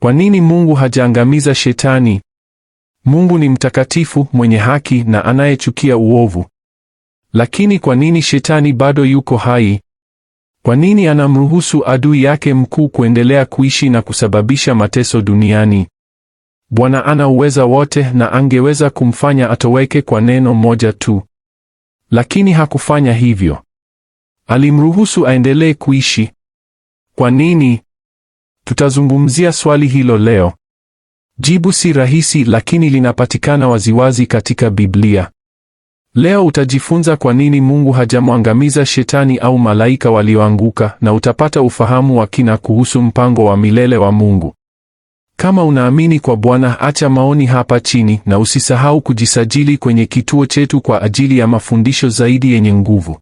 Kwa nini Mungu hajaangamiza shetani? Mungu ni mtakatifu, mwenye haki na anayechukia uovu. Lakini kwa nini shetani bado yuko hai? Kwa nini anamruhusu adui yake mkuu kuendelea kuishi na kusababisha mateso duniani? Bwana ana uweza wote na angeweza kumfanya atoweke kwa neno moja tu. Lakini hakufanya hivyo. Alimruhusu aendelee kuishi. Kwa nini? Tutazungumzia swali hilo leo. Jibu si rahisi, lakini linapatikana waziwazi katika Biblia. Leo utajifunza kwa nini Mungu hajamwangamiza shetani au malaika walioanguka, na utapata ufahamu wa kina kuhusu mpango wa milele wa Mungu. Kama unaamini kwa Bwana, acha maoni hapa chini na usisahau kujisajili kwenye kituo chetu kwa ajili ya mafundisho zaidi yenye nguvu.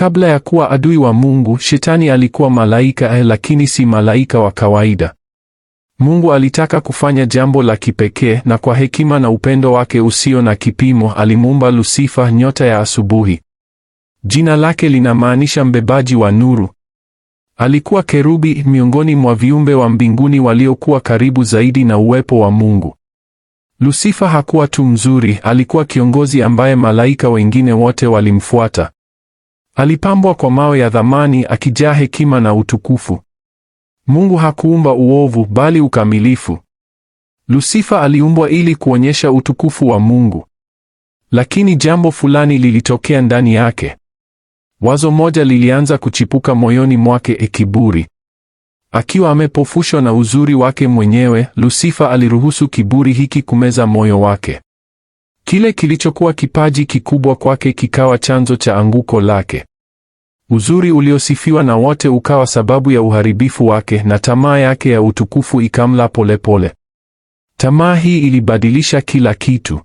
Kabla ya kuwa adui wa Mungu, shetani alikuwa malaika eh, lakini si malaika wa kawaida. Mungu alitaka kufanya jambo la kipekee, na kwa hekima na upendo wake usio na kipimo alimuumba Lusifa, nyota ya asubuhi. Jina lake linamaanisha mbebaji wa nuru. Alikuwa kerubi, miongoni mwa viumbe wa mbinguni waliokuwa karibu zaidi na uwepo wa Mungu. Lusifa hakuwa tu mzuri, alikuwa kiongozi ambaye malaika wengine wote walimfuata. Alipambwa kwa mawe ya dhamani akijaa hekima na utukufu. Mungu hakuumba uovu bali ukamilifu. Lusifa aliumbwa ili kuonyesha utukufu wa Mungu. Lakini jambo fulani lilitokea ndani yake. Wazo moja lilianza kuchipuka moyoni mwake, ekiburi. Akiwa amepofushwa na uzuri wake mwenyewe, Lusifa aliruhusu kiburi hiki kumeza moyo wake. Kile kilichokuwa kipaji kikubwa kwake kikawa chanzo cha anguko lake. Uzuri uliosifiwa na wote ukawa sababu ya uharibifu wake, na tamaa yake ya utukufu ikamla polepole. Tamaa hii ilibadilisha kila kitu.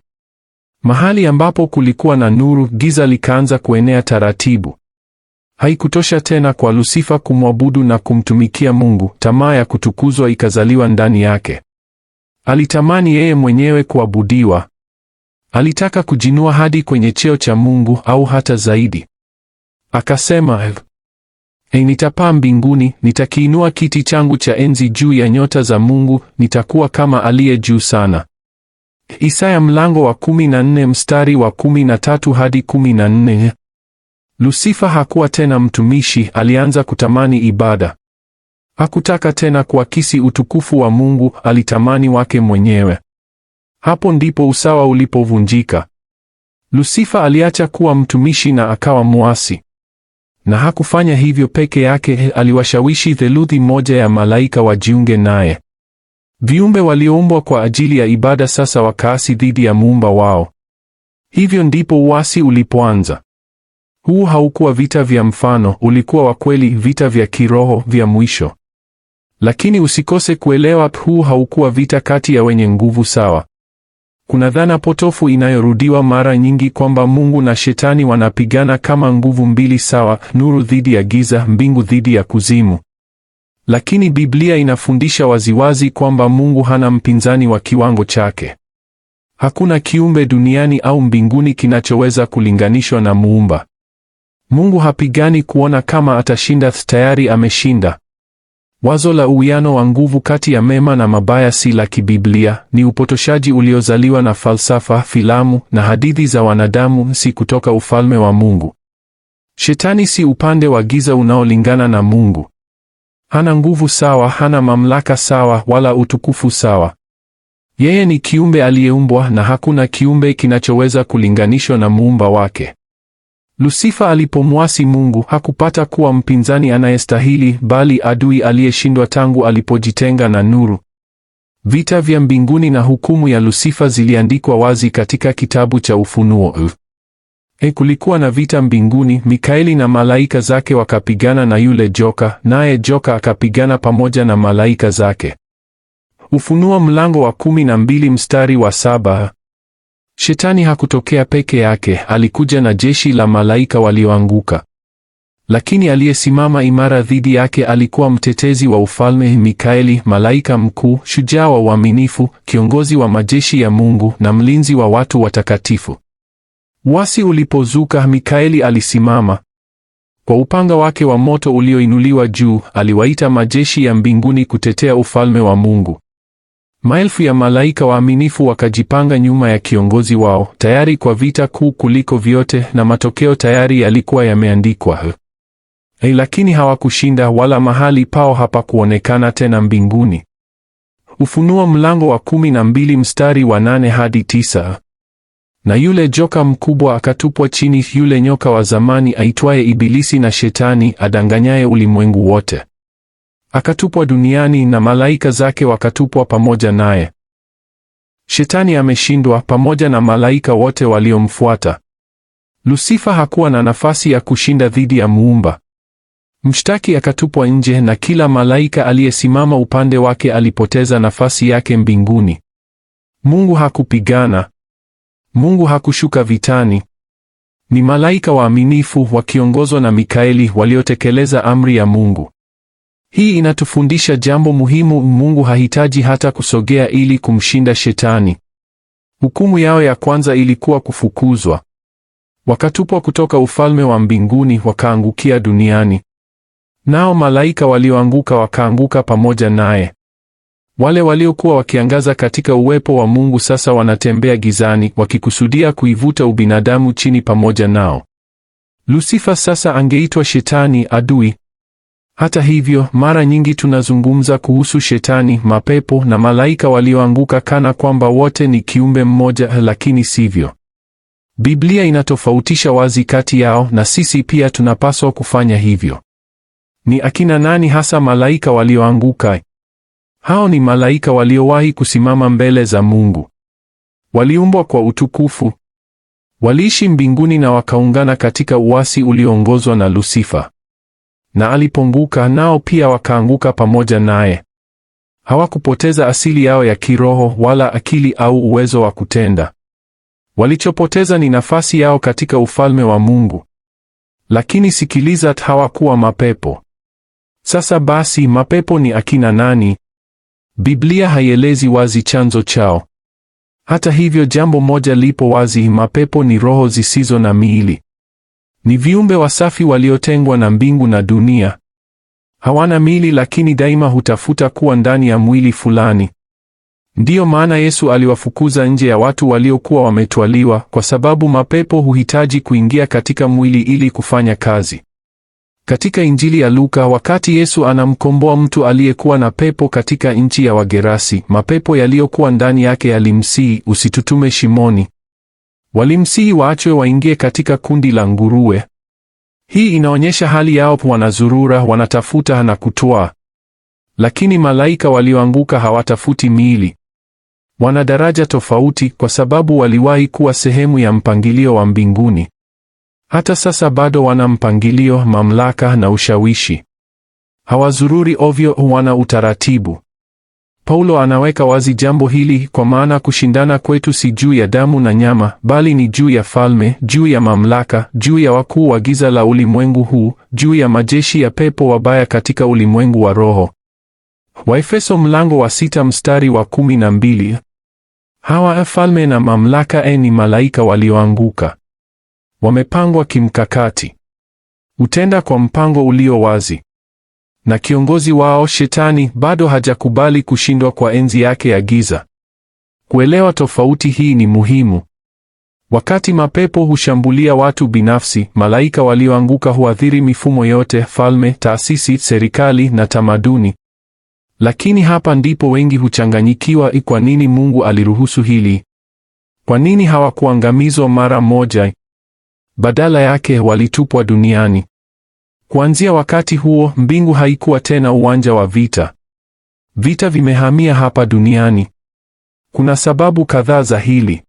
Mahali ambapo kulikuwa na nuru, giza likaanza kuenea taratibu. Haikutosha tena kwa Lusifa kumwabudu na kumtumikia Mungu, tamaa ya kutukuzwa ikazaliwa ndani yake. Alitamani yeye mwenyewe kuabudiwa. Alitaka kujinua hadi kwenye cheo cha Mungu au hata zaidi. Akasema, Hey, nitapaa mbinguni, nitakiinua kiti changu cha enzi juu ya nyota za Mungu, nitakuwa kama aliye juu sana. Isaya mlango wa 14 mstari wa 13 hadi 14. Lusifa hakuwa tena mtumishi, alianza kutamani ibada. Hakutaka tena kuakisi utukufu wa Mungu, alitamani wake mwenyewe. Hapo ndipo usawa ulipovunjika. Lusifa aliacha kuwa mtumishi na akawa mwasi. Na hakufanya hivyo peke yake, aliwashawishi theluthi moja ya malaika wajiunge naye. Viumbe walioumbwa kwa ajili ya ibada sasa wakaasi dhidi ya muumba wao. Hivyo ndipo uasi ulipoanza. Huu haukuwa vita vya mfano, ulikuwa wa kweli, vita vya kiroho vya mwisho. Lakini usikose kuelewa, huu haukuwa vita kati ya wenye nguvu sawa. Kuna dhana potofu inayorudiwa mara nyingi kwamba Mungu na Shetani wanapigana kama nguvu mbili sawa, nuru dhidi ya giza, mbingu dhidi ya kuzimu. Lakini Biblia inafundisha waziwazi kwamba Mungu hana mpinzani wa kiwango chake. Hakuna kiumbe duniani au mbinguni kinachoweza kulinganishwa na Muumba. Mungu hapigani kuona kama atashinda, tayari ameshinda. Wazo la uwiano wa nguvu kati ya mema na mabaya si la kibiblia, ni upotoshaji uliozaliwa na falsafa, filamu na hadithi za wanadamu, si kutoka ufalme wa Mungu. Shetani si upande wa giza unaolingana na Mungu. Hana nguvu sawa, hana mamlaka sawa, wala utukufu sawa. Yeye ni kiumbe aliyeumbwa na hakuna kiumbe kinachoweza kulinganishwa na muumba wake. Lusifa alipomwasi Mungu hakupata kuwa mpinzani anayestahili, bali adui aliyeshindwa tangu alipojitenga na nuru. Vita vya mbinguni na hukumu ya Lusifa ziliandikwa wazi katika kitabu cha Ufunuo. E, kulikuwa na vita mbinguni, Mikaeli na malaika zake wakapigana na yule joka, naye joka akapigana pamoja na malaika zake. Ufunuo mlango wa kumi na mbili mstari wa saba. Shetani hakutokea peke yake, alikuja na jeshi la malaika walioanguka. Lakini aliyesimama imara dhidi yake alikuwa mtetezi wa ufalme Mikaeli, malaika mkuu, shujaa wa uaminifu, kiongozi wa majeshi ya Mungu na mlinzi wa watu watakatifu. Wasi ulipozuka, Mikaeli alisimama. Kwa upanga wake wa moto ulioinuliwa juu, aliwaita majeshi ya mbinguni kutetea ufalme wa Mungu. Maelfu ya malaika waaminifu wakajipanga nyuma ya kiongozi wao, tayari kwa vita kuu kuliko vyote, na matokeo tayari yalikuwa yameandikwa. Hey, eh, lakini hawakushinda wala mahali pao hapakuonekana tena mbinguni. Ufunuo mlango wa kumi na mbili mstari wa nane hadi tisa. Na yule joka mkubwa akatupwa chini, yule nyoka wa zamani aitwaye Ibilisi na Shetani, adanganyaye ulimwengu wote akatupwa duniani na malaika zake wakatupwa pamoja naye. Shetani ameshindwa pamoja na malaika wote waliomfuata. Lusifa hakuwa na nafasi ya kushinda dhidi ya Muumba. Mshtaki akatupwa nje na kila malaika aliyesimama upande wake alipoteza nafasi yake mbinguni. Mungu hakupigana. Mungu hakushuka vitani. Ni malaika waaminifu wakiongozwa na Mikaeli waliotekeleza amri ya Mungu. Hii inatufundisha jambo muhimu: Mungu hahitaji hata kusogea ili kumshinda Shetani. Hukumu yao ya kwanza ilikuwa kufukuzwa. Wakatupwa kutoka ufalme wa mbinguni wakaangukia duniani. Nao malaika walioanguka wakaanguka pamoja naye. Wale waliokuwa wakiangaza katika uwepo wa Mungu sasa wanatembea gizani, wakikusudia kuivuta ubinadamu chini pamoja nao. Lusifa sasa angeitwa Shetani, adui hata hivyo, mara nyingi tunazungumza kuhusu shetani, mapepo na malaika walioanguka kana kwamba wote ni kiumbe mmoja, lakini sivyo. Biblia inatofautisha wazi kati yao na sisi pia tunapaswa kufanya hivyo. Ni akina nani hasa malaika walioanguka? Hao ni malaika waliowahi kusimama mbele za Mungu. Waliumbwa kwa utukufu. Waliishi mbinguni na wakaungana katika uasi ulioongozwa na Lusifa na aliponguka nao pia wakaanguka pamoja naye. Hawakupoteza asili yao ya kiroho wala akili au uwezo wa kutenda. Walichopoteza ni nafasi yao katika ufalme wa Mungu. Lakini sikiliza, hawakuwa mapepo. Sasa basi, mapepo ni akina nani? Biblia haielezi wazi chanzo chao. Hata hivyo, jambo moja lipo wazi: mapepo ni roho zisizo na miili. Ni viumbe wasafi waliotengwa na mbingu na dunia. Hawana mili lakini daima hutafuta kuwa ndani ya mwili fulani. Ndiyo maana Yesu aliwafukuza nje ya watu waliokuwa wametwaliwa, kwa sababu mapepo huhitaji kuingia katika mwili ili kufanya kazi. Katika Injili ya Luka, wakati Yesu anamkomboa mtu aliyekuwa na pepo katika nchi ya Wagerasi, mapepo yaliyokuwa ndani yake yalimsii usitutume Shimoni, Walimsihi waachwe waingie katika kundi la nguruwe. Hii inaonyesha hali yao, wanazurura, wanatafuta na kutoa. Lakini malaika walioanguka hawatafuti miili. Wana daraja tofauti kwa sababu waliwahi kuwa sehemu ya mpangilio wa mbinguni. Hata sasa bado wana mpangilio, mamlaka na ushawishi. Hawazururi ovyo, wana utaratibu. Paulo anaweka wazi jambo hili kwa maana kushindana kwetu si juu ya damu na nyama, bali ni juu ya falme, juu ya mamlaka, juu ya wakuu wa giza la ulimwengu huu, juu ya majeshi ya pepo wabaya katika ulimwengu wa roho. Waefeso mlango wa sita mstari wa kumi na mbili. Hawa falme na mamlaka e, ni malaika walioanguka, wamepangwa kimkakati, utenda kwa mpango ulio wazi na kiongozi wao Shetani bado hajakubali kushindwa kwa enzi yake ya giza. Kuelewa tofauti hii ni muhimu. Wakati mapepo hushambulia watu binafsi, malaika walioanguka huathiri mifumo yote, falme, taasisi, serikali na tamaduni. Lakini hapa ndipo wengi huchanganyikiwa. Kwa nini Mungu aliruhusu hili? Kwa nini hawakuangamizwa mara moja? Badala yake walitupwa duniani. Kuanzia wakati huo, mbingu haikuwa tena uwanja wa vita. Vita vimehamia hapa duniani. Kuna sababu kadhaa za hili.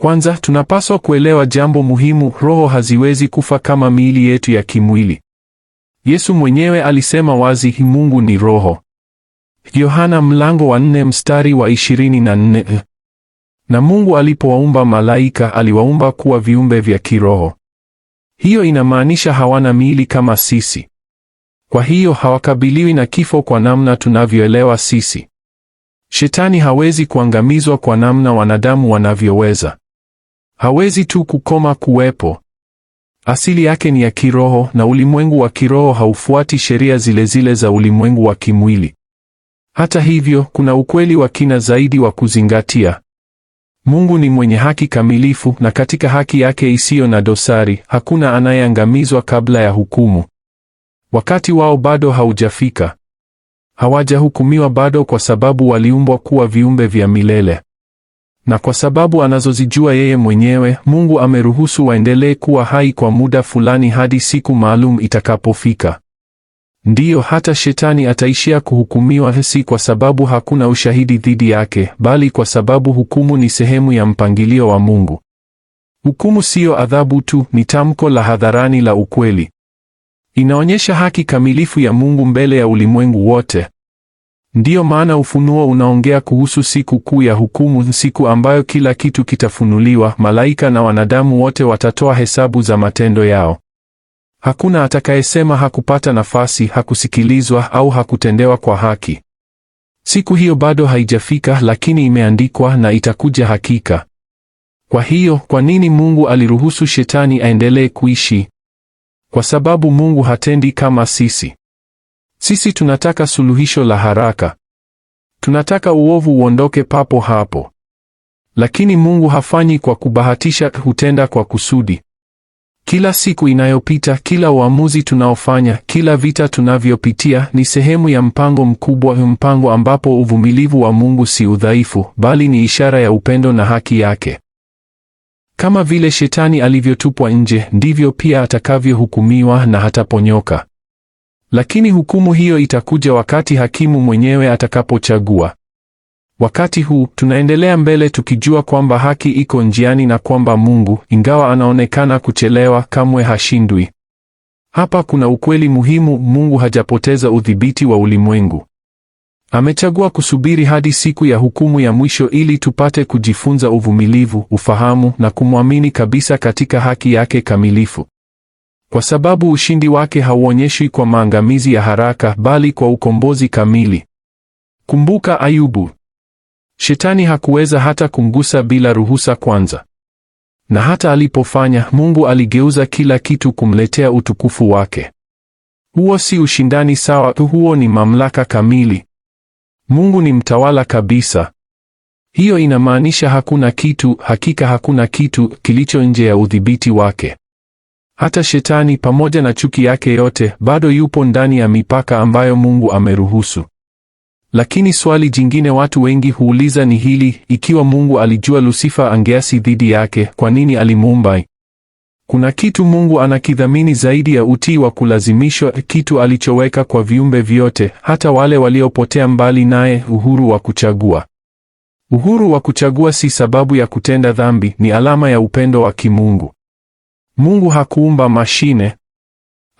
Kwanza, tunapaswa kuelewa jambo muhimu, roho haziwezi kufa kama miili yetu ya kimwili. Yesu mwenyewe alisema wazi, Mungu ni roho. Yohana mlango wa nne mstari wa ishirini na nne. Na Mungu alipowaumba malaika aliwaumba kuwa viumbe vya kiroho. Hiyo inamaanisha hawana miili kama sisi. Kwa hiyo hawakabiliwi na kifo kwa namna tunavyoelewa sisi. Shetani hawezi kuangamizwa kwa namna wanadamu wanavyoweza. Hawezi tu kukoma kuwepo. Asili yake ni ya kiroho na ulimwengu wa kiroho haufuati sheria zile zile za ulimwengu wa kimwili. Hata hivyo, kuna ukweli wa kina zaidi wa kuzingatia. Mungu ni mwenye haki kamilifu, na katika haki yake isiyo na dosari hakuna anayeangamizwa kabla ya hukumu. Wakati wao bado haujafika, hawajahukumiwa bado, kwa sababu waliumbwa kuwa viumbe vya milele, na kwa sababu anazozijua yeye mwenyewe, Mungu ameruhusu waendelee kuwa hai kwa muda fulani hadi siku maalum itakapofika. Ndiyo, hata shetani ataishia kuhukumiwa, si kwa sababu hakuna ushahidi dhidi yake, bali kwa sababu hukumu ni sehemu ya mpangilio wa Mungu. Hukumu siyo adhabu tu, ni tamko la hadharani la ukweli. Inaonyesha haki kamilifu ya Mungu mbele ya ulimwengu wote. Ndiyo maana Ufunuo unaongea kuhusu siku kuu ya hukumu, siku ambayo kila kitu kitafunuliwa, malaika na wanadamu wote watatoa hesabu za matendo yao. Hakuna atakayesema hakupata nafasi, hakusikilizwa au hakutendewa kwa haki. Siku hiyo bado haijafika, lakini imeandikwa na itakuja hakika. Kwa hiyo, kwa nini Mungu aliruhusu shetani aendelee kuishi? Kwa sababu Mungu hatendi kama sisi. Sisi tunataka suluhisho la haraka. Tunataka uovu uondoke papo hapo. Lakini Mungu hafanyi kwa kubahatisha, hutenda kwa kusudi. Kila siku inayopita, kila uamuzi tunaofanya, kila vita tunavyopitia ni sehemu ya mpango mkubwa, mpango ambapo uvumilivu wa Mungu si udhaifu, bali ni ishara ya upendo na haki yake. Kama vile Shetani alivyotupwa nje, ndivyo pia atakavyohukumiwa na hataponyoka. Lakini hukumu hiyo itakuja wakati hakimu mwenyewe atakapochagua. Wakati huu tunaendelea mbele tukijua kwamba haki iko njiani na kwamba Mungu, ingawa anaonekana kuchelewa, kamwe hashindwi. Hapa kuna ukweli muhimu: Mungu hajapoteza udhibiti wa ulimwengu. Amechagua kusubiri hadi siku ya hukumu ya mwisho ili tupate kujifunza uvumilivu, ufahamu na kumwamini kabisa katika haki yake kamilifu. Kwa sababu ushindi wake hauonyeshwi kwa maangamizi ya haraka bali kwa ukombozi kamili. Kumbuka Ayubu. Shetani hakuweza hata kumgusa bila ruhusa kwanza. Na hata alipofanya, Mungu aligeuza kila kitu kumletea utukufu wake. Huo si ushindani sawa tu, huo ni mamlaka kamili. Mungu ni mtawala kabisa. Hiyo inamaanisha hakuna kitu, hakika hakuna kitu kilicho nje ya udhibiti wake. Hata Shetani pamoja na chuki yake yote bado yupo ndani ya mipaka ambayo Mungu ameruhusu. Lakini swali jingine watu wengi huuliza ni hili, ikiwa Mungu alijua Lusifa angeasi dhidi yake, kwa nini alimuumba? Kuna kitu Mungu anakidhamini zaidi ya utii wa kulazimishwa, kitu alichoweka kwa viumbe vyote, hata wale waliopotea mbali naye, uhuru wa kuchagua. Uhuru wa kuchagua si sababu ya kutenda dhambi, ni alama ya upendo wa kimungu. Mungu hakuumba mashine,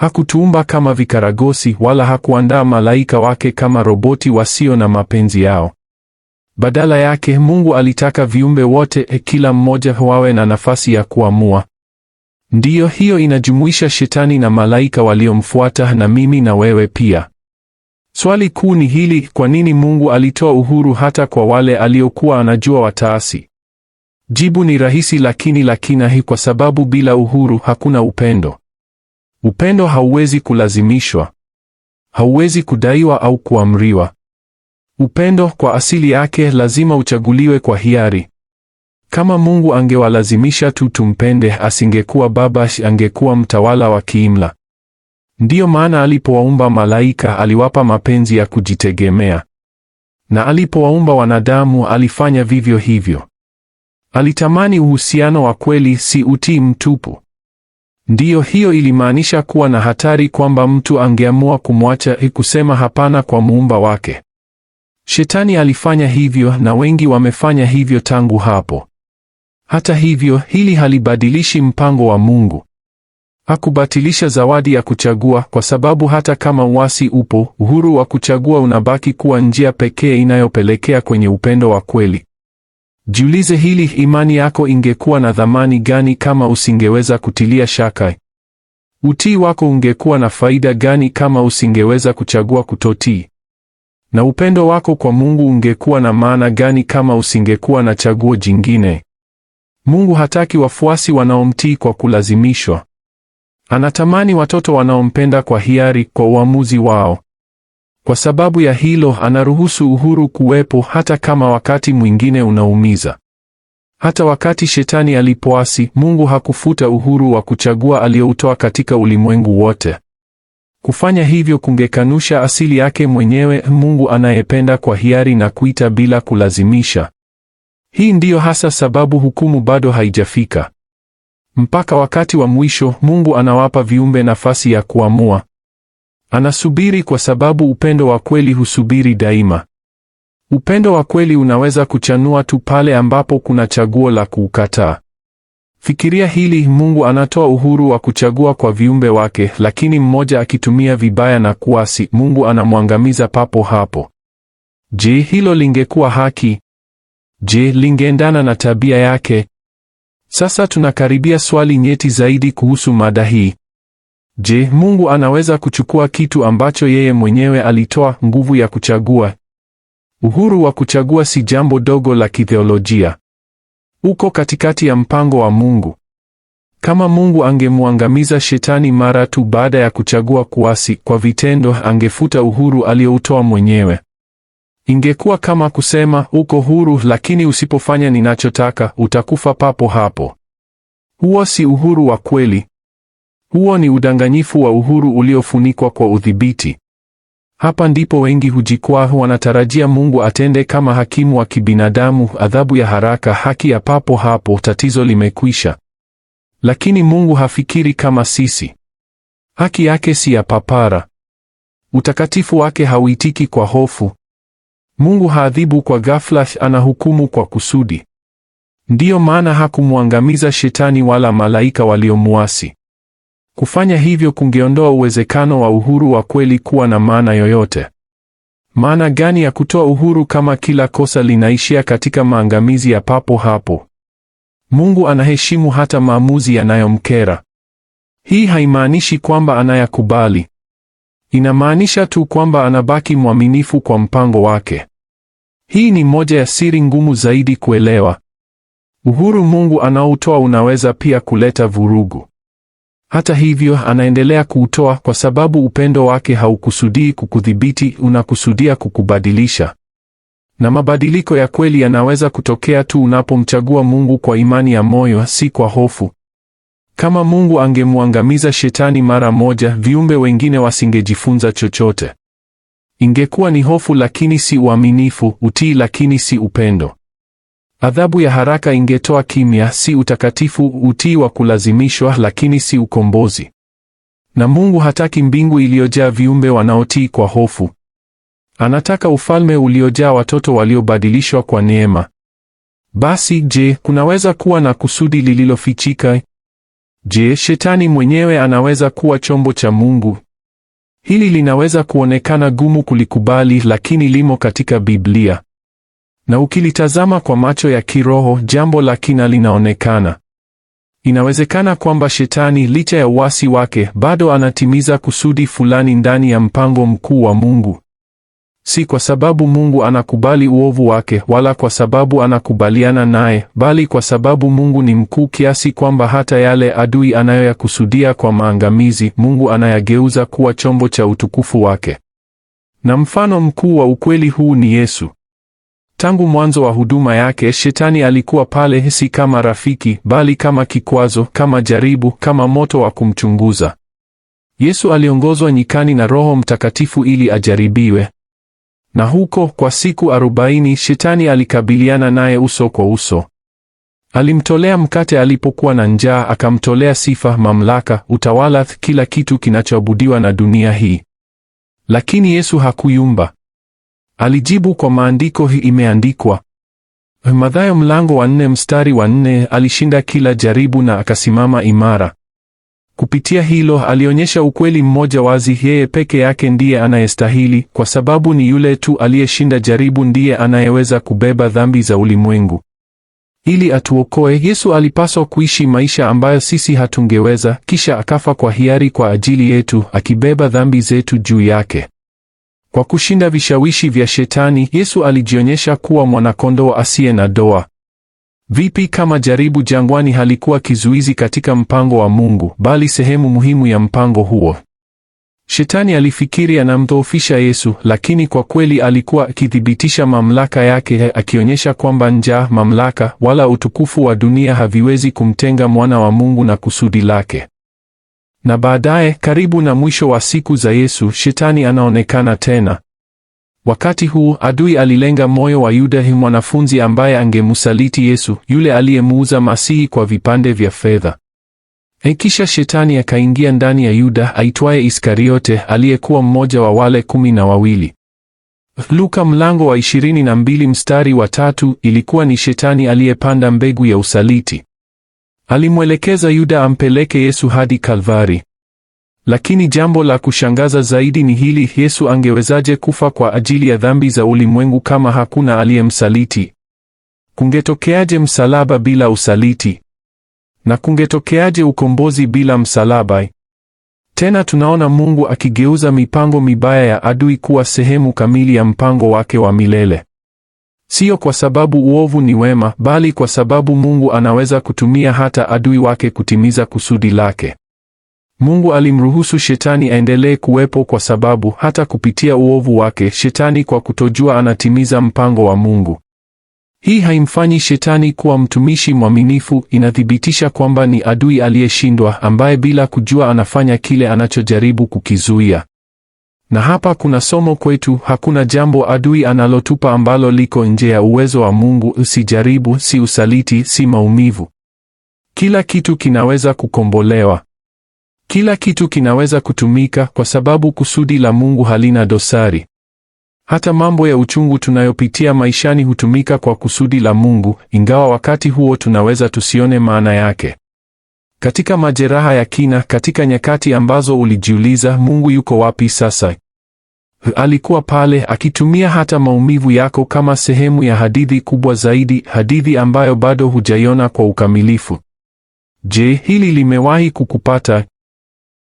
Hakutuumba kama vikaragosi wala hakuandaa malaika wake kama roboti wasio na mapenzi yao. Badala yake, Mungu alitaka viumbe wote, e, kila mmoja wawe na nafasi ya kuamua. Ndiyo, hiyo inajumuisha shetani na malaika waliomfuata na mimi na wewe pia. Swali kuu ni hili, kwa nini Mungu alitoa uhuru hata kwa wale aliokuwa anajua wataasi? Jibu ni rahisi lakini la kina, kwa sababu bila uhuru hakuna upendo. Upendo hauwezi kulazimishwa, hauwezi kudaiwa au kuamriwa. Upendo kwa asili yake lazima uchaguliwe kwa hiari. Kama Mungu angewalazimisha tu tumpende, asingekuwa Baba, angekuwa mtawala wa kiimla. Ndiyo maana alipowaumba malaika aliwapa mapenzi ya kujitegemea, na alipowaumba wanadamu alifanya vivyo hivyo. Alitamani uhusiano wa kweli, si utii mtupu. Ndiyo, hiyo ilimaanisha kuwa na hatari kwamba mtu angeamua kumwacha kusema hapana kwa muumba wake. Shetani alifanya hivyo na wengi wamefanya hivyo tangu hapo. Hata hivyo, hili halibadilishi mpango wa Mungu. Hakubatilisha zawadi ya kuchagua kwa sababu hata kama uasi upo, uhuru wa kuchagua unabaki kuwa njia pekee inayopelekea kwenye upendo wa kweli. Jiulize hili, imani yako ingekuwa na dhamani gani kama usingeweza kutilia shaka? Utii wako ungekuwa na faida gani kama usingeweza kuchagua kutotii? Na upendo wako kwa Mungu ungekuwa na maana gani kama usingekuwa na chaguo jingine? Mungu hataki wafuasi wanaomtii kwa kulazimishwa. Anatamani watoto wanaompenda kwa hiari, kwa uamuzi wao. Kwa sababu ya hilo, anaruhusu uhuru kuwepo hata kama wakati mwingine unaumiza. Hata wakati shetani alipoasi, Mungu hakufuta uhuru wa kuchagua aliyoutoa katika ulimwengu wote. Kufanya hivyo kungekanusha asili yake mwenyewe, Mungu anayependa kwa hiari na kuita bila kulazimisha. Hii ndiyo hasa sababu hukumu bado haijafika. Mpaka wakati wa mwisho, Mungu anawapa viumbe nafasi ya kuamua. Anasubiri kwa sababu upendo wa kweli husubiri daima. Upendo wa kweli unaweza kuchanua tu pale ambapo kuna chaguo la kuukataa. Fikiria hili, Mungu anatoa uhuru wa kuchagua kwa viumbe wake, lakini mmoja akitumia vibaya na kuasi, Mungu anamwangamiza papo hapo. Je, hilo lingekuwa haki? Je, lingeendana na tabia yake? Sasa tunakaribia swali nyeti zaidi kuhusu mada hii. Je, Mungu anaweza kuchukua kitu ambacho yeye mwenyewe alitoa, nguvu ya kuchagua? Uhuru wa kuchagua si jambo dogo la kitheolojia. Uko katikati ya mpango wa Mungu. Kama Mungu angemwangamiza shetani mara tu baada ya kuchagua kuasi kwa vitendo, angefuta uhuru aliyoutoa mwenyewe. Ingekuwa kama kusema uko huru, lakini usipofanya ninachotaka utakufa papo hapo. Huo si uhuru wa kweli. Huo ni udanganyifu wa uhuru uliofunikwa kwa udhibiti. Hapa ndipo wengi hujikwaa, wanatarajia Mungu atende kama hakimu wa kibinadamu, adhabu ya haraka, haki ya papo hapo, tatizo limekwisha. Lakini Mungu hafikiri kama sisi. Haki yake si ya papara. Utakatifu wake hauitiki kwa hofu. Mungu haadhibu kwa ghafla, anahukumu kwa kusudi. Ndiyo maana hakumwangamiza shetani wala malaika waliomuasi. Kufanya hivyo kungeondoa uwezekano wa uhuru wa kweli kuwa na maana yoyote. Maana gani ya kutoa uhuru kama kila kosa linaishia katika maangamizi ya papo hapo? Mungu anaheshimu hata maamuzi yanayomkera. Hii haimaanishi kwamba anayakubali. Inamaanisha tu kwamba anabaki mwaminifu kwa mpango wake. Hii ni moja ya siri ngumu zaidi kuelewa. Uhuru Mungu anaoutoa unaweza pia kuleta vurugu. Hata hivyo, anaendelea kuutoa kwa sababu upendo wake haukusudii kukudhibiti, unakusudia kukubadilisha. Na mabadiliko ya kweli yanaweza kutokea tu unapomchagua Mungu kwa imani ya moyo, si kwa hofu. Kama Mungu angemwangamiza shetani mara moja, viumbe wengine wasingejifunza chochote. Ingekuwa ni hofu lakini si uaminifu, utii lakini si upendo. Adhabu ya haraka ingetoa kimya, si utakatifu, utii wa kulazimishwa, lakini si ukombozi. Na Mungu hataki mbingu iliyojaa viumbe wanaotii kwa hofu. Anataka ufalme uliojaa watoto waliobadilishwa kwa neema. Basi je, kunaweza kuwa na kusudi lililofichika? Je, shetani mwenyewe anaweza kuwa chombo cha Mungu? Hili linaweza kuonekana gumu kulikubali, lakini limo katika Biblia na ukilitazama kwa macho ya kiroho, jambo la kina linaonekana. Inawezekana kwamba shetani licha ya uasi wake bado anatimiza kusudi fulani ndani ya mpango mkuu wa Mungu. Si kwa sababu Mungu anakubali uovu wake wala kwa sababu anakubaliana naye, bali kwa sababu Mungu ni mkuu kiasi kwamba hata yale adui anayoyakusudia kwa maangamizi, Mungu anayageuza kuwa chombo cha utukufu wake. Na mfano mkuu wa ukweli huu ni Yesu. Tangu mwanzo wa huduma yake, Shetani alikuwa pale, si kama rafiki, bali kama kikwazo, kama jaribu, kama moto wa kumchunguza. Yesu aliongozwa nyikani na Roho Mtakatifu ili ajaribiwe, na huko kwa siku arobaini Shetani alikabiliana naye uso kwa uso. Alimtolea mkate alipokuwa na njaa, akamtolea sifa, mamlaka, utawala, kila kitu kinachoabudiwa na dunia hii. Lakini Yesu hakuyumba. Alijibu kwa maandiko, hii imeandikwa Mathayo mlango wa nne mstari wa nne. Alishinda kila jaribu na akasimama imara. Kupitia hilo alionyesha ukweli mmoja wazi, yeye peke yake ndiye anayestahili, kwa sababu ni yule tu aliyeshinda jaribu ndiye anayeweza kubeba dhambi za ulimwengu. Ili atuokoe, Yesu alipaswa kuishi maisha ambayo sisi hatungeweza, kisha akafa kwa hiari kwa ajili yetu, akibeba dhambi zetu juu yake. Kwa kushinda vishawishi vya shetani, Yesu alijionyesha kuwa mwanakondoo asiye na doa. Vipi kama jaribu jangwani halikuwa kizuizi katika mpango wa Mungu, bali sehemu muhimu ya mpango huo? Shetani alifikiri anamdhoofisha Yesu, lakini kwa kweli alikuwa akithibitisha mamlaka yake, akionyesha kwamba njaa, mamlaka wala utukufu wa dunia haviwezi kumtenga mwana wa Mungu na kusudi lake. Na baadaye karibu na mwisho wa siku za Yesu, shetani anaonekana tena. Wakati huu adui alilenga moyo wa Yuda, mwanafunzi ambaye angemusaliti Yesu, yule aliyemuuza Masihi kwa vipande vya fedha. Kisha shetani akaingia ndani ya Yuda aitwaye Iskariote, aliyekuwa mmoja wa wale kumi na wawili. Luka mlango wa 22 mstari wa tatu, ilikuwa ni shetani aliyepanda mbegu ya usaliti. Alimwelekeza Yuda ampeleke Yesu hadi Kalvari. Lakini jambo la kushangaza zaidi ni hili, Yesu angewezaje kufa kwa ajili ya dhambi za ulimwengu kama hakuna aliyemsaliti? Kungetokeaje msalaba bila usaliti? Na kungetokeaje ukombozi bila msalaba? Tena tunaona Mungu akigeuza mipango mibaya ya adui kuwa sehemu kamili ya mpango wake wa milele. Sio kwa sababu uovu ni wema, bali kwa sababu Mungu anaweza kutumia hata adui wake kutimiza kusudi lake. Mungu alimruhusu shetani aendelee kuwepo kwa sababu hata kupitia uovu wake, shetani kwa kutojua anatimiza mpango wa Mungu. Hii haimfanyi shetani kuwa mtumishi mwaminifu, inathibitisha kwamba ni adui aliyeshindwa ambaye bila kujua anafanya kile anachojaribu kukizuia. Na hapa kuna somo kwetu. Hakuna jambo adui analotupa ambalo liko nje ya uwezo wa Mungu. Si jaribu, si usaliti, si maumivu. Kila kitu kinaweza kukombolewa, kila kitu kinaweza kutumika, kwa sababu kusudi la Mungu halina dosari. Hata mambo ya uchungu tunayopitia maishani hutumika kwa kusudi la Mungu, ingawa wakati huo tunaweza tusione maana yake katika majeraha ya kina, katika nyakati ambazo ulijiuliza Mungu yuko wapi sasa? Alikuwa pale akitumia hata maumivu yako kama sehemu ya hadithi kubwa zaidi, hadithi ambayo bado hujaiona kwa ukamilifu. Je, hili limewahi kukupata?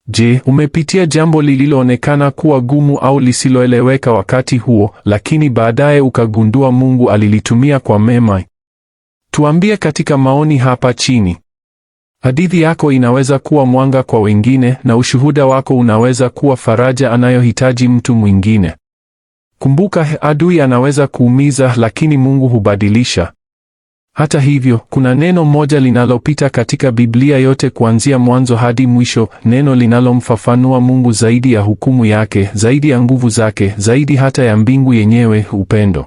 Je, umepitia jambo lililoonekana kuwa gumu au lisiloeleweka wakati huo, lakini baadaye ukagundua Mungu alilitumia kwa mema? Tuambie katika maoni hapa chini. Hadithi yako inaweza kuwa mwanga kwa wengine na ushuhuda wako unaweza kuwa faraja anayohitaji mtu mwingine. Kumbuka, adui anaweza kuumiza, lakini Mungu hubadilisha. Hata hivyo, kuna neno moja linalopita katika Biblia yote kuanzia mwanzo hadi mwisho, neno linalomfafanua Mungu zaidi ya hukumu yake, zaidi ya nguvu zake, zaidi hata ya mbingu yenyewe, upendo.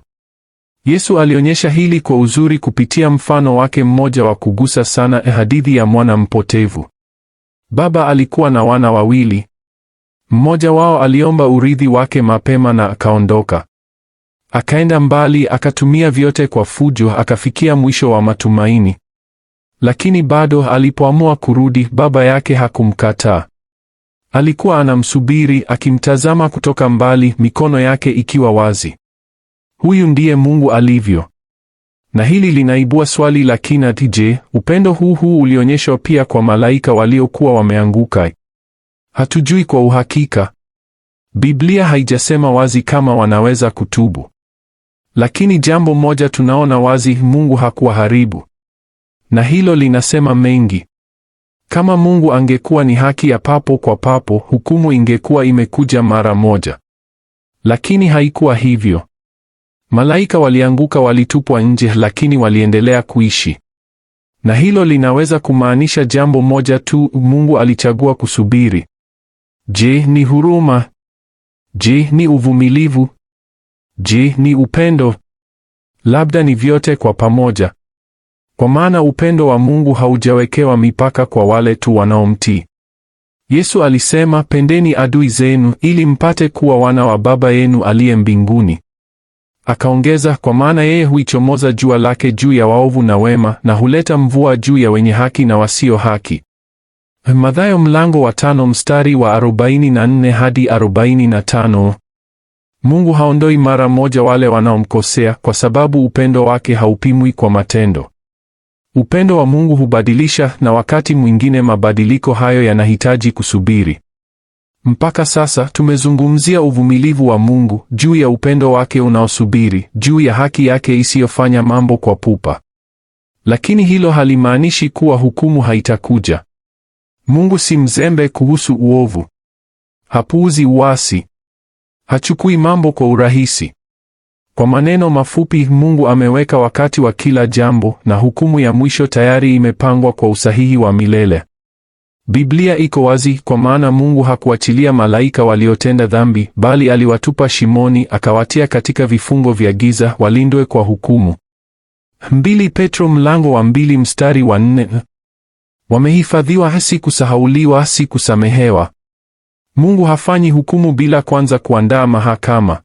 Yesu alionyesha hili kwa uzuri kupitia mfano wake mmoja wa kugusa sana, e hadithi ya mwana mpotevu. Baba alikuwa na wana wawili. Mmoja wao aliomba urithi wake mapema na akaondoka. Akaenda mbali, akatumia vyote kwa fujo, akafikia mwisho wa matumaini. Lakini bado alipoamua kurudi, baba yake hakumkataa. Alikuwa anamsubiri akimtazama kutoka mbali, mikono yake ikiwa wazi. Huyu ndiye Mungu alivyo. Na hili linaibua swali la kina ati upendo huu huu ulionyeshwa pia kwa malaika waliokuwa wameanguka? Hatujui kwa uhakika. Biblia haijasema wazi kama wanaweza kutubu. Lakini jambo moja tunaona wazi, Mungu hakuwaharibu. Na hilo linasema mengi. Kama Mungu angekuwa ni haki ya papo kwa papo, hukumu ingekuwa imekuja mara moja. Lakini haikuwa hivyo. Malaika walianguka, walitupwa nje, lakini waliendelea kuishi. Na hilo linaweza kumaanisha jambo moja tu: Mungu alichagua kusubiri. Je, ni huruma? Je, ni uvumilivu? Je, ni upendo? Labda ni vyote kwa pamoja, kwa maana upendo wa Mungu haujawekewa mipaka kwa wale tu wanaomtii. Yesu alisema, pendeni adui zenu ili mpate kuwa wana wa Baba yenu aliye mbinguni. Akaongeza, kwa maana yeye huichomoza jua lake juu ya waovu na wema, na huleta mvua juu ya wenye haki na wasio haki. Mathayo mlango wa tano mstari wa 44 hadi 45. Mungu haondoi mara moja wale wanaomkosea, kwa sababu upendo wake haupimwi kwa matendo. Upendo wa Mungu hubadilisha, na wakati mwingine mabadiliko hayo yanahitaji kusubiri. Mpaka sasa tumezungumzia uvumilivu wa Mungu, juu ya upendo wake unaosubiri, juu ya haki yake isiyofanya mambo kwa pupa. Lakini hilo halimaanishi kuwa hukumu haitakuja. Mungu si mzembe kuhusu uovu. Hapuuzi uasi. Hachukui mambo kwa urahisi. Kwa maneno mafupi, Mungu ameweka wakati wa kila jambo na hukumu ya mwisho tayari imepangwa kwa usahihi wa milele. Biblia iko wazi, kwa maana Mungu hakuachilia malaika waliotenda dhambi, bali aliwatupa shimoni, akawatia katika vifungo vya giza, walindwe kwa hukumu. Mbili Petro mlango wa mbili mstari wa nne. Wamehifadhiwa, si kusahauliwa, si kusamehewa. Mungu hafanyi hukumu bila kwanza kuandaa mahakama,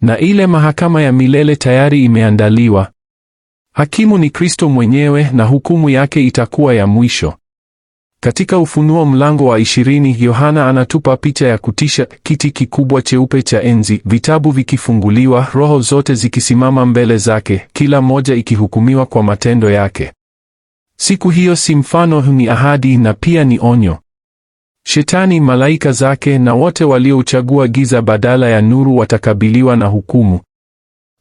na ile mahakama ya milele tayari imeandaliwa. Hakimu ni Kristo mwenyewe, na hukumu yake itakuwa ya mwisho. Katika Ufunuo mlango wa ishirini Yohana anatupa picha ya kutisha: kiti kikubwa cheupe cha enzi, vitabu vikifunguliwa, roho zote zikisimama mbele zake, kila moja ikihukumiwa kwa matendo yake. Siku hiyo si mfano, ni ahadi na pia ni onyo. Shetani, malaika zake na wote waliouchagua giza badala ya nuru watakabiliwa na hukumu.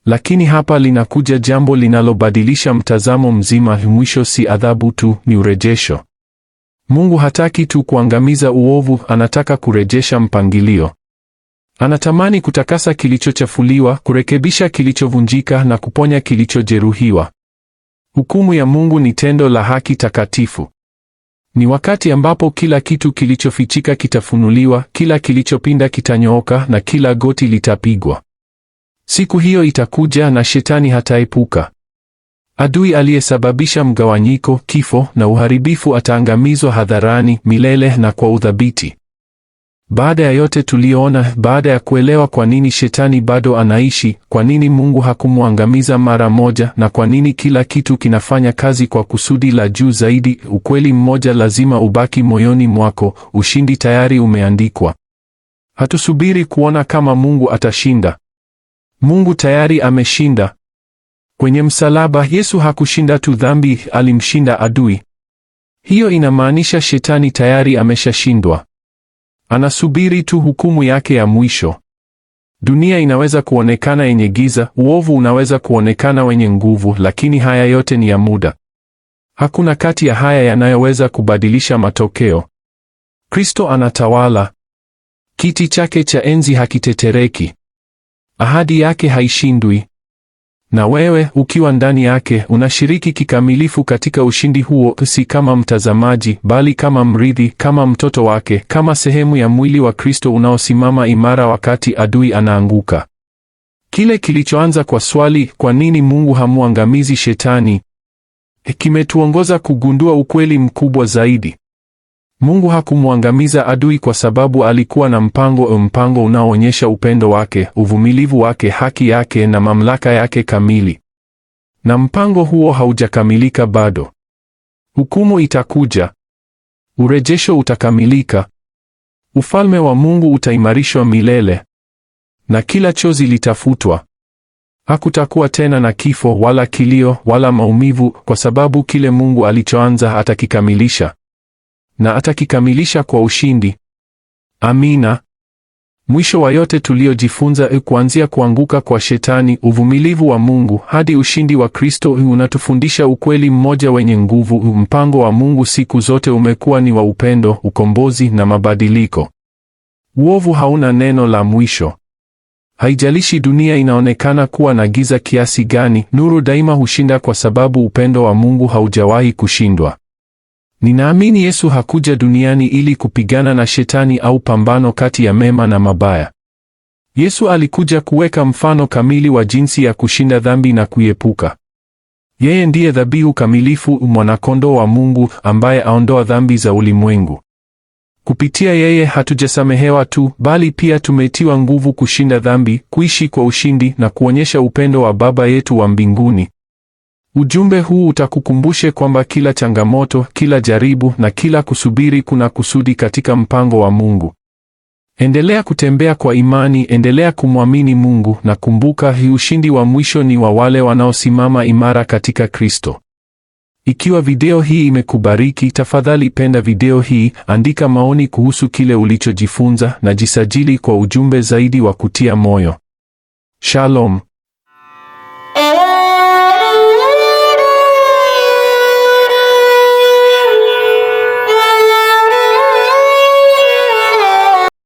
Lakini hapa linakuja jambo linalobadilisha mtazamo mzima: mwisho si adhabu tu, ni urejesho. Mungu hataki tu kuangamiza uovu, anataka kurejesha mpangilio. Anatamani kutakasa kilichochafuliwa, kurekebisha kilichovunjika na kuponya kilichojeruhiwa. Hukumu ya Mungu ni tendo la haki takatifu. Ni wakati ambapo kila kitu kilichofichika kitafunuliwa, kila kilichopinda kitanyooka na kila goti litapigwa. Siku hiyo itakuja na shetani hataepuka. Adui aliyesababisha mgawanyiko, kifo na uharibifu ataangamizwa hadharani milele na kwa uthabiti. Baada ya yote tuliyoona, baada ya kuelewa kwa nini shetani bado anaishi, kwa nini Mungu hakumwangamiza mara moja, na kwa nini kila kitu kinafanya kazi kwa kusudi la juu zaidi, ukweli mmoja lazima ubaki moyoni mwako: ushindi tayari umeandikwa. Hatusubiri kuona kama Mungu atashinda. Mungu tayari ameshinda. Kwenye msalaba Yesu hakushinda tu dhambi, alimshinda adui. Hiyo inamaanisha shetani tayari ameshashindwa. Anasubiri tu hukumu yake ya mwisho. Dunia inaweza kuonekana yenye giza, uovu unaweza kuonekana wenye nguvu, lakini haya yote ni ya muda. Hakuna kati ya haya yanayoweza kubadilisha matokeo. Kristo anatawala. Kiti chake cha enzi hakitetereki. Ahadi yake haishindwi na wewe ukiwa ndani yake unashiriki kikamilifu katika ushindi huo, si kama mtazamaji, bali kama mrithi, kama mtoto wake, kama sehemu ya mwili wa Kristo unaosimama imara wakati adui anaanguka. Kile kilichoanza kwa swali, kwa nini Mungu hamwangamizi Shetani, kimetuongoza kugundua ukweli mkubwa zaidi. Mungu hakumwangamiza adui kwa sababu alikuwa na mpango, mpango unaoonyesha upendo wake, uvumilivu wake, haki yake na mamlaka yake kamili. Na mpango huo haujakamilika bado. Hukumu itakuja. Urejesho utakamilika. Ufalme wa Mungu utaimarishwa milele. Na kila chozi litafutwa. Hakutakuwa tena na kifo wala kilio wala maumivu kwa sababu kile Mungu alichoanza atakikamilisha na atakikamilisha kwa ushindi. Amina. Mwisho wa yote tuliyojifunza e kuanzia kuanguka kwa Shetani, uvumilivu wa Mungu hadi ushindi wa Kristo e unatufundisha ukweli mmoja wenye nguvu: e mpango wa Mungu siku zote umekuwa ni wa upendo, ukombozi na mabadiliko. Uovu hauna neno la mwisho. Haijalishi dunia inaonekana kuwa na giza kiasi gani, nuru daima hushinda kwa sababu upendo wa Mungu haujawahi kushindwa. Ninaamini Yesu hakuja duniani ili kupigana na shetani au pambano kati ya mema na mabaya. Yesu alikuja kuweka mfano kamili wa jinsi ya kushinda dhambi na kuiepuka. Yeye ndiye dhabihu kamilifu, mwanakondoo wa Mungu ambaye aondoa dhambi za ulimwengu. Kupitia yeye hatujasamehewa tu, bali pia tumetiwa nguvu kushinda dhambi, kuishi kwa ushindi na kuonyesha upendo wa Baba yetu wa mbinguni. Ujumbe huu utakukumbushe kwamba kila changamoto, kila jaribu na kila kusubiri kuna kusudi katika mpango wa Mungu. Endelea kutembea kwa imani, endelea kumwamini Mungu na kumbuka, hii ushindi wa mwisho ni wa wale wanaosimama imara katika Kristo. Ikiwa video hii imekubariki, tafadhali penda video hii, andika maoni kuhusu kile ulichojifunza na jisajili kwa ujumbe zaidi wa kutia moyo. Shalom.